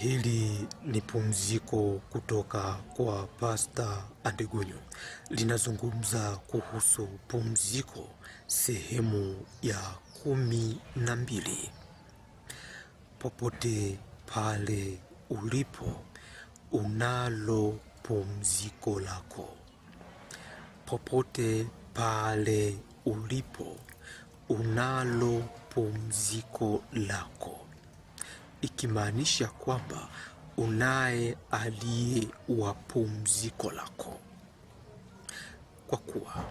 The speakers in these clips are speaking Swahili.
Hili ni pumziko kutoka kwa Pasta Andegunyo, linazungumza kuhusu pumziko, sehemu ya kumi na mbili. Popote pale ulipo, unalo pumziko lako. Popote pale ulipo, unalo pumziko lako ikimaanisha kwamba unaye aliye wa pumziko lako, kwa kuwa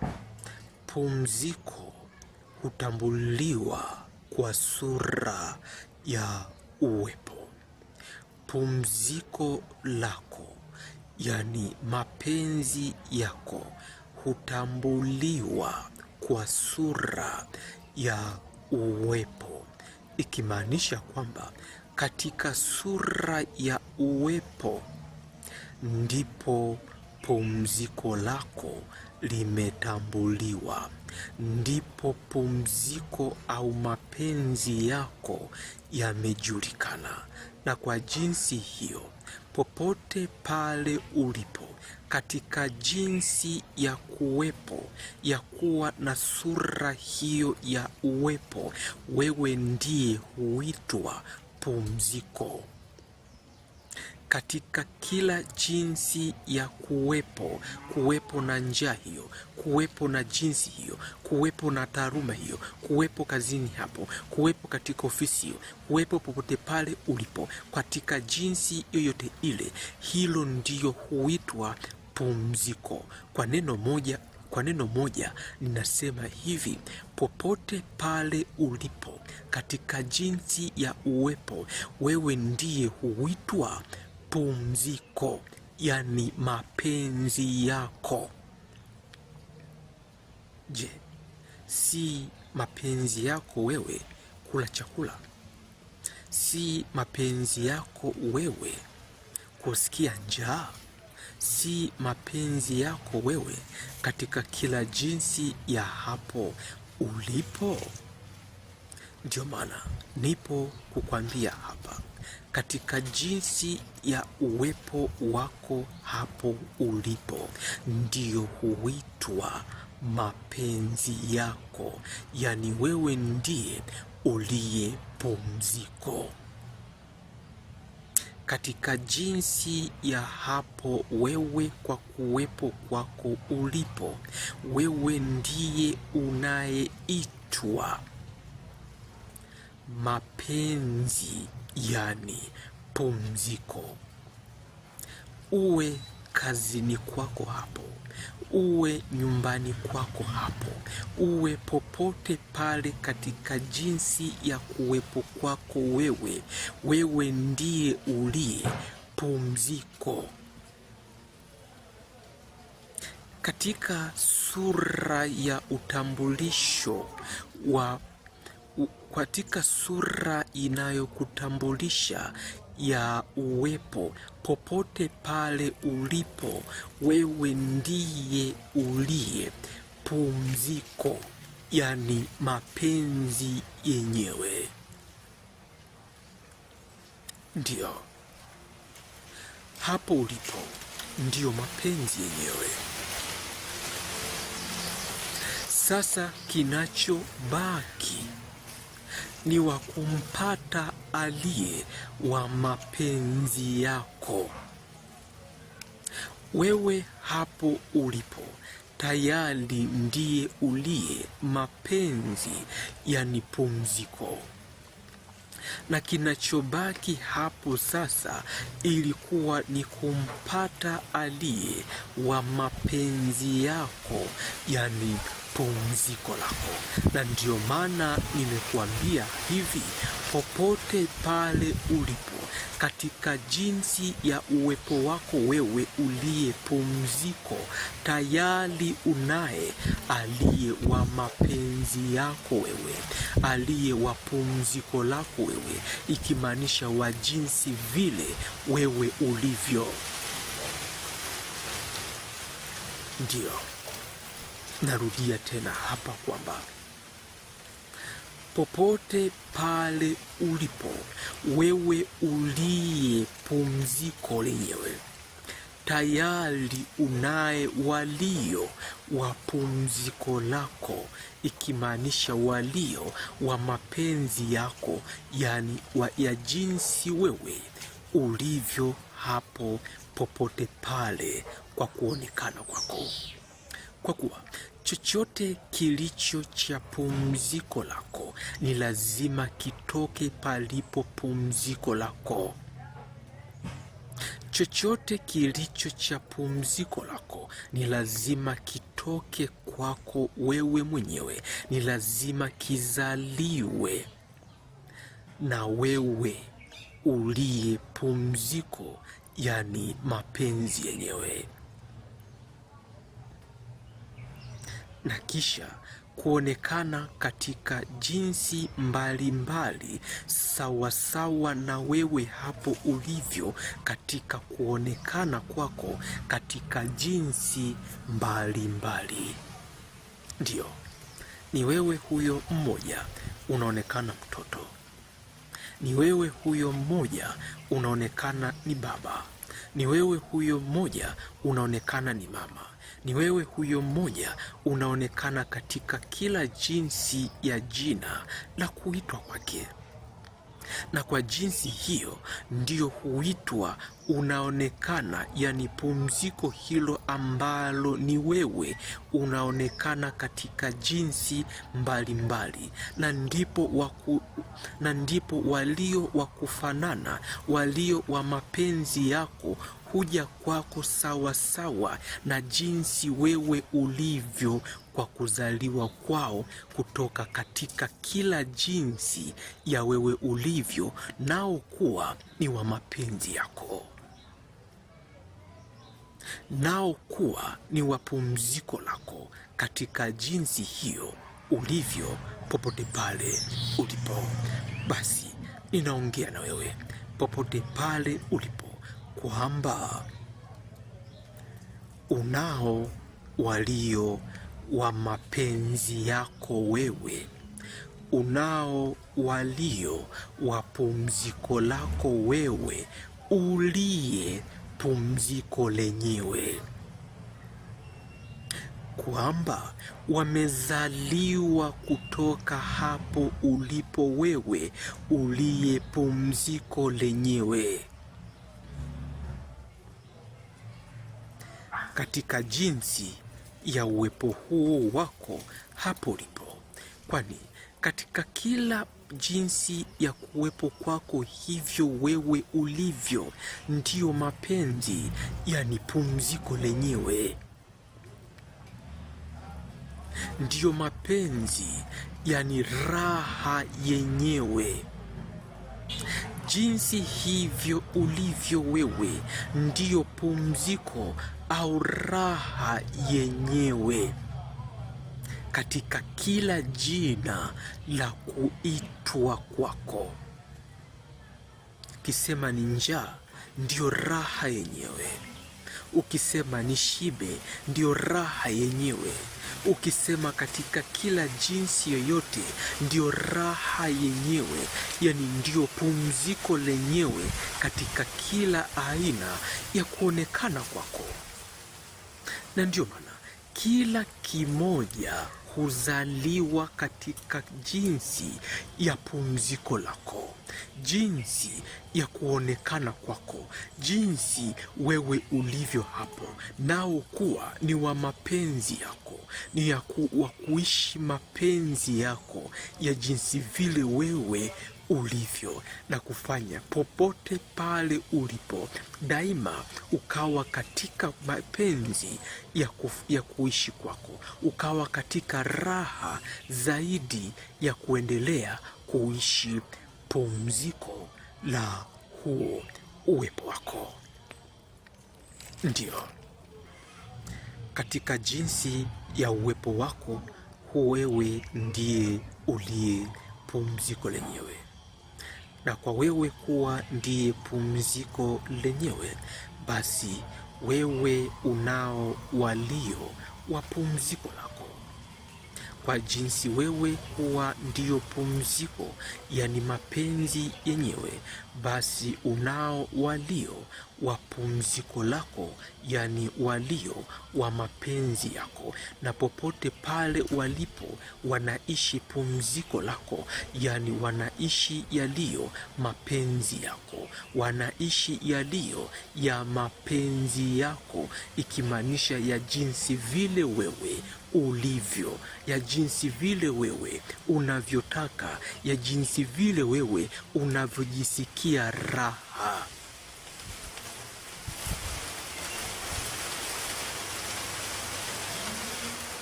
pumziko hutambuliwa kwa sura ya uwepo. Pumziko lako, yani mapenzi yako, hutambuliwa kwa sura ya uwepo, ikimaanisha kwamba katika sura ya uwepo, ndipo pumziko lako limetambuliwa, ndipo pumziko au mapenzi yako yamejulikana. Na kwa jinsi hiyo, popote pale ulipo katika jinsi ya kuwepo ya kuwa na sura hiyo ya uwepo, wewe ndiye huitwa mapumziko katika kila jinsi ya kuwepo, kuwepo na njaa hiyo, kuwepo na jinsi hiyo, kuwepo na taaluma hiyo, kuwepo kazini hapo, kuwepo katika ofisi hiyo, kuwepo popote pale ulipo, katika jinsi yoyote ile, hilo ndiyo huitwa pumziko, kwa neno moja kwa neno moja ninasema hivi, popote pale ulipo katika jinsi ya uwepo, wewe ndiye huitwa pumziko, yani mapenzi yako. Je, si mapenzi yako wewe kula chakula? Si mapenzi yako wewe kusikia njaa? si mapenzi yako wewe katika kila jinsi ya hapo ulipo. Ndio maana nipo kukwambia hapa katika jinsi ya uwepo wako hapo ulipo, ndiyo huitwa mapenzi yako, yaani wewe ndiye uliye pumziko katika jinsi ya hapo wewe kwa kuwepo kwako ulipo. Wewe ndiye unayeitwa mapenzi, yani pumziko. Uwe kazini kwako hapo, uwe nyumbani kwako hapo, uwe popote pale, katika jinsi ya kuwepo kwako wewe, wewe ndiye uliye pumziko katika sura ya utambulisho wa katika sura inayokutambulisha ya uwepo popote pale ulipo. Wewe ndiye uliye pumziko, yani mapenzi yenyewe. ndio hapo ulipo, ndiyo mapenzi yenyewe. Sasa kinachobaki ni wa kumpata aliye wa mapenzi yako. Wewe hapo ulipo tayari ndiye uliye mapenzi, yani pumziko, na kinachobaki hapo sasa ilikuwa ni kumpata aliye wa mapenzi yako, yani pumziko lako, na ndiyo maana nimekuambia hivi, popote pale ulipo katika jinsi ya uwepo wako wewe uliye pumziko, tayari unaye aliye wa mapenzi yako wewe, aliye wa pumziko lako wewe, ikimaanisha wa jinsi vile wewe ulivyo, ndio Narudia tena hapa kwamba popote pale ulipo wewe uliye pumziko lenyewe, tayari unaye walio wa pumziko lako, ikimaanisha walio wa mapenzi yako, yani wa, ya jinsi wewe ulivyo hapo popote pale kwa kuonekana kwako kwa kuwa chochote kilicho cha pumziko lako ni lazima kitoke palipo pumziko lako. Chochote kilicho cha pumziko lako ni lazima kitoke kwako wewe mwenyewe, ni lazima kizaliwe na wewe uliye pumziko, yani mapenzi yenyewe. na kisha kuonekana katika jinsi mbalimbali sawasawa na wewe hapo ulivyo katika kuonekana kwako katika jinsi mbalimbali. Ndiyo, ni wewe huyo mmoja unaonekana mtoto, ni wewe huyo mmoja unaonekana ni baba ni wewe huyo mmoja unaonekana ni mama, ni wewe huyo mmoja unaonekana katika kila jinsi ya jina la kuitwa kwake na kwa jinsi hiyo ndiyo huitwa unaonekana, yani pumziko hilo ambalo ni wewe unaonekana katika jinsi mbalimbali mbali. Na ndipo walio wa kufanana walio wa mapenzi yako kuja kwako sawa sawa na jinsi wewe ulivyo kwa kuzaliwa kwao kutoka katika kila jinsi ya wewe ulivyo, nao kuwa ni wa mapenzi yako, nao kuwa ni wapumziko lako katika jinsi hiyo ulivyo, popote pale ulipo. Basi ninaongea na wewe popote pale ulipo kwamba unao walio wa mapenzi yako wewe, unao walio wa pumziko lako wewe, uliye pumziko lenyewe, kwamba wamezaliwa kutoka hapo ulipo wewe, uliye pumziko lenyewe katika jinsi ya uwepo huo wako hapo ulipo, kwani katika kila jinsi ya kuwepo kwako hivyo wewe ulivyo, ndiyo mapenzi, yani pumziko lenyewe, ndiyo mapenzi, yani raha yenyewe. Jinsi hivyo ulivyo wewe ndiyo pumziko au raha yenyewe katika kila jina la kuitwa kwako. Kisema ni njaa, ndiyo raha yenyewe. Ukisema nishibe, ndio raha yenyewe. Ukisema katika kila jinsi yoyote, ndio raha yenyewe, yani ndio pumziko lenyewe katika kila aina ya kuonekana kwako, na ndio maana kila kimoja kuzaliwa katika jinsi ya pumziko lako, jinsi ya kuonekana kwako, jinsi wewe ulivyo hapo, nao kuwa ni wa mapenzi yako, ni ya ku, wa kuishi mapenzi yako ya jinsi vile wewe ulivyo na kufanya popote pale ulipo daima ukawa katika mapenzi ya, kuf, ya kuishi kwako, ukawa katika raha zaidi ya kuendelea kuishi pumziko la huo uwepo wako. ndio katika jinsi ya uwepo wako, wewe ndiye uliye pumziko lenyewe na kwa wewe kuwa ndiye pumziko lenyewe, basi wewe unao walio wa pumziko la kwa jinsi wewe huwa ndiyo pumziko, yani mapenzi yenyewe, basi unao walio wa pumziko lako, yani walio wa mapenzi yako, na popote pale walipo wanaishi pumziko lako, yani wanaishi yaliyo mapenzi yako, wanaishi yaliyo ya mapenzi yako, ikimaanisha ya jinsi vile wewe ulivyo, ya jinsi vile wewe unavyotaka, ya jinsi vile wewe unavyojisikia raha.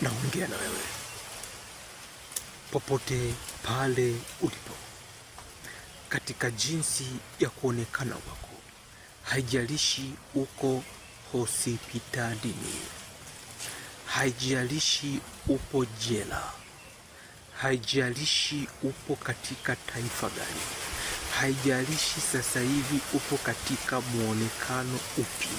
Naongea na wewe popote pale ulipo, katika jinsi ya kuonekana kwako, haijalishi uko hospitalini haijalishi upo jela, haijalishi upo katika taifa gani, haijalishi sasa hivi upo katika mwonekano upi,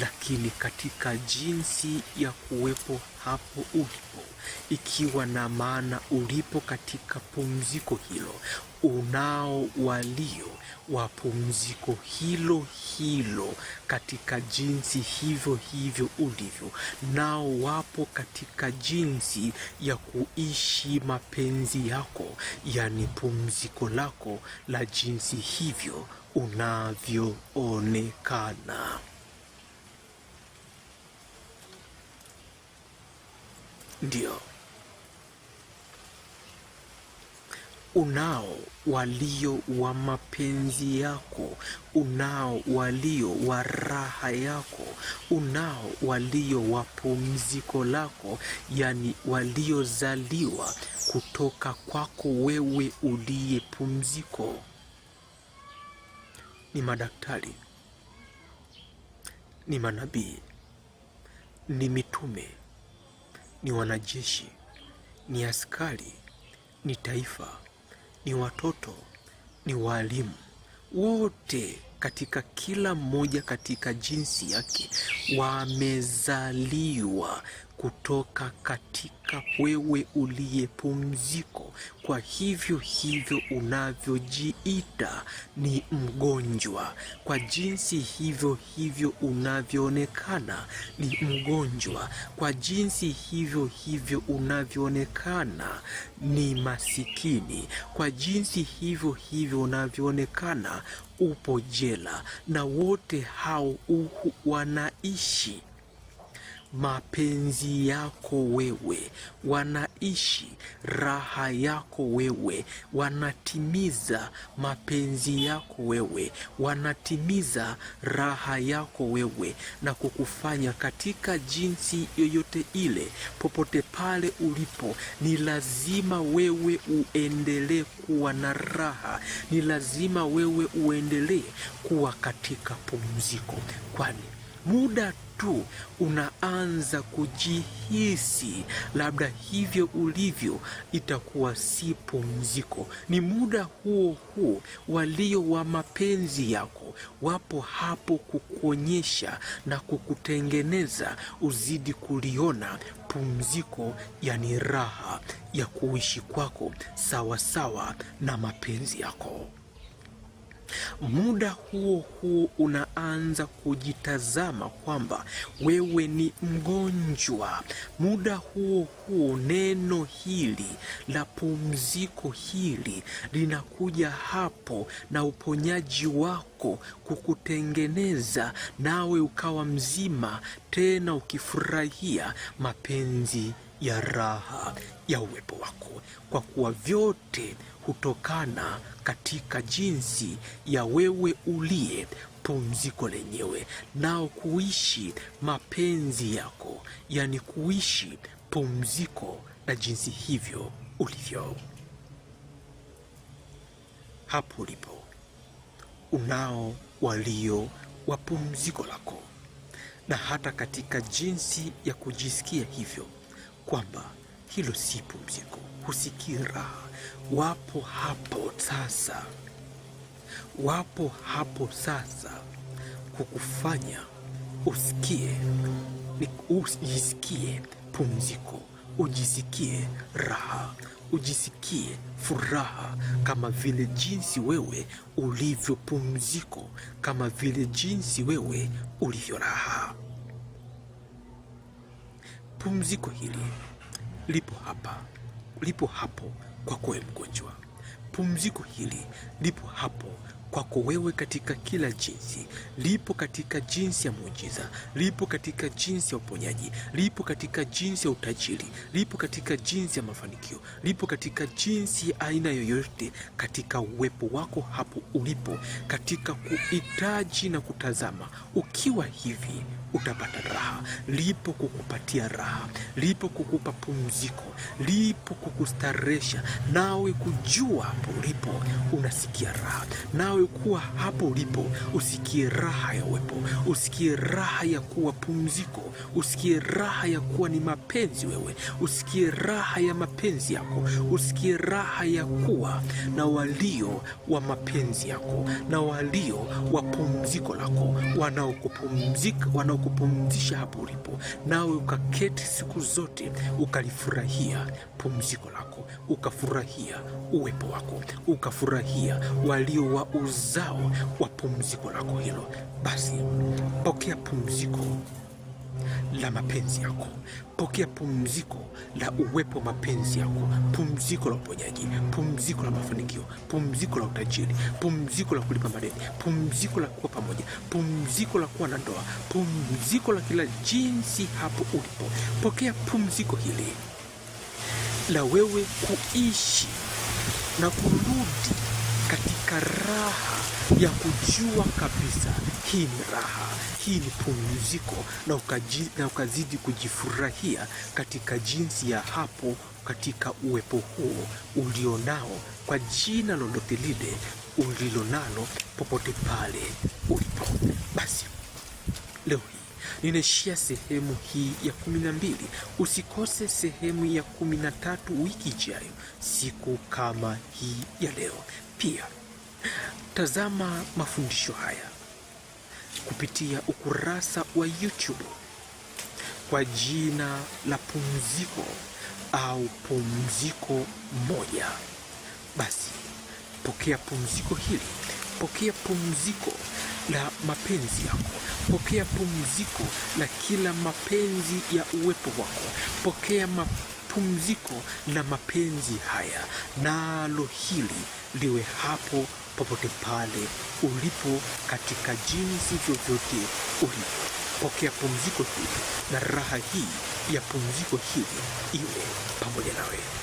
lakini katika jinsi ya kuwepo hapo ulipo, ikiwa na maana ulipo katika pumziko hilo unao walio wa pumziko hilo hilo katika jinsi hivyo hivyo ulivyo nao, wapo katika jinsi ya kuishi mapenzi yako, yani pumziko lako la jinsi hivyo unavyoonekana. Ndio unao walio wa mapenzi yako, unao walio wa raha yako, unao walio wa pumziko lako, yani waliozaliwa kutoka kwako wewe uliye pumziko. Ni madaktari, ni manabii, ni mitume ni wanajeshi, ni askari, ni taifa, ni watoto, ni walimu, wote katika kila mmoja katika jinsi yake, wamezaliwa kutoka katika wewe uliye pumziko. Kwa hivyo hivyo unavyojiita ni mgonjwa, kwa jinsi hivyo hivyo unavyoonekana ni mgonjwa, kwa jinsi hivyo hivyo unavyoonekana ni masikini, kwa jinsi hivyo hivyo unavyoonekana upo jela na wote hao wanaishi mapenzi yako wewe, wanaishi raha yako wewe, wanatimiza mapenzi yako wewe, wanatimiza raha yako wewe, na kukufanya katika jinsi yoyote ile, popote pale ulipo, ni lazima wewe uendelee kuwa na raha, ni lazima wewe uendelee kuwa katika pumziko, kwani muda tu unaanza kujihisi labda hivyo ulivyo, itakuwa si pumziko. Ni muda huo huo walio wa mapenzi yako wapo hapo kukuonyesha na kukutengeneza uzidi kuliona pumziko, yani raha ya kuishi kwako sawasawa na mapenzi yako. Muda huo huo unaanza kujitazama kwamba wewe ni mgonjwa. Muda huo huo neno hili la pumziko hili linakuja hapo na uponyaji wako kukutengeneza, nawe ukawa mzima tena ukifurahia mapenzi ya raha ya uwepo wako, kwa kuwa vyote hutokana katika jinsi ya wewe uliye pumziko lenyewe, nao kuishi mapenzi yako, yaani kuishi pumziko na jinsi hivyo ulivyo. Hapo ulipo unao walio wa pumziko lako, na hata katika jinsi ya kujisikia hivyo kwamba hilo si pumziko, husikii raha. Wapo hapo sasa, wapo hapo sasa kukufanya usikie, ujisikie pumziko, ujisikie raha, ujisikie furaha, kama vile jinsi wewe ulivyo pumziko, kama vile jinsi wewe ulivyo raha. Pumziko hili lipo hapa, lipo hapo kwako wewe mgonjwa. Pumziko hili lipo hapo kwako wewe katika kila jinsi, lipo katika jinsi ya muujiza, lipo katika jinsi ya uponyaji, lipo katika jinsi ya utajiri, lipo katika jinsi ya mafanikio, lipo katika jinsi ya aina yoyote, katika uwepo wako hapo ulipo, katika kuhitaji na kutazama ukiwa hivi utapata raha. Lipo kukupatia raha, lipo kukupa pumziko, lipo kukustaresha, nawe kujua hapo ulipo unasikia raha, nawe kuwa hapo ulipo usikie raha ya uwepo, usikie raha ya kuwa pumziko, usikie raha ya kuwa ni mapenzi wewe, usikie raha ya mapenzi yako, usikie raha ya kuwa na walio wa mapenzi yako na walio wa pumziko lako wanaokupumzika wanao kukupumzisha hapo ulipo, nawe ukaketi siku zote ukalifurahia pumziko lako, ukafurahia uwepo wako, ukafurahia walio wa uzao wa pumziko lako hilo, basi pokea pumziko la mapenzi yako. Pokea pumziko la uwepo mapenzi yako, pumziko la uponyaji, pumziko la mafanikio, pumziko la utajiri, pumziko la kulipa madeni, pumziko la kuwa pamoja, pumziko la kuwa na ndoa, pumziko la kila jinsi hapo ulipo. Pokea pumziko hili la wewe kuishi na kurudi katika raha ya kujua kabisa hii ni raha, hii ni pumziko, na, ukaji, na ukazidi kujifurahia katika jinsi ya hapo katika uwepo huo ulionao kwa jina lolote lile ulilonalo popote pale ulipo. Basi leo hii ninaishia sehemu hii ya kumi na mbili. Usikose sehemu ya kumi na tatu wiki ijayo, siku kama hii ya leo pia. Tazama mafundisho haya kupitia ukurasa wa YouTube kwa jina la Pumziko au Pumziko Moja. Basi pokea pumziko hili, pokea pumziko la mapenzi yako, pokea pumziko la kila mapenzi ya uwepo wako, pokea pumziko la mapenzi haya, nalo hili liwe hapo popote pale ulipo, katika jinsi vyovyote ulipo, pokea pumziko hili na raha hii ya pumziko hili iwe pamoja nawe.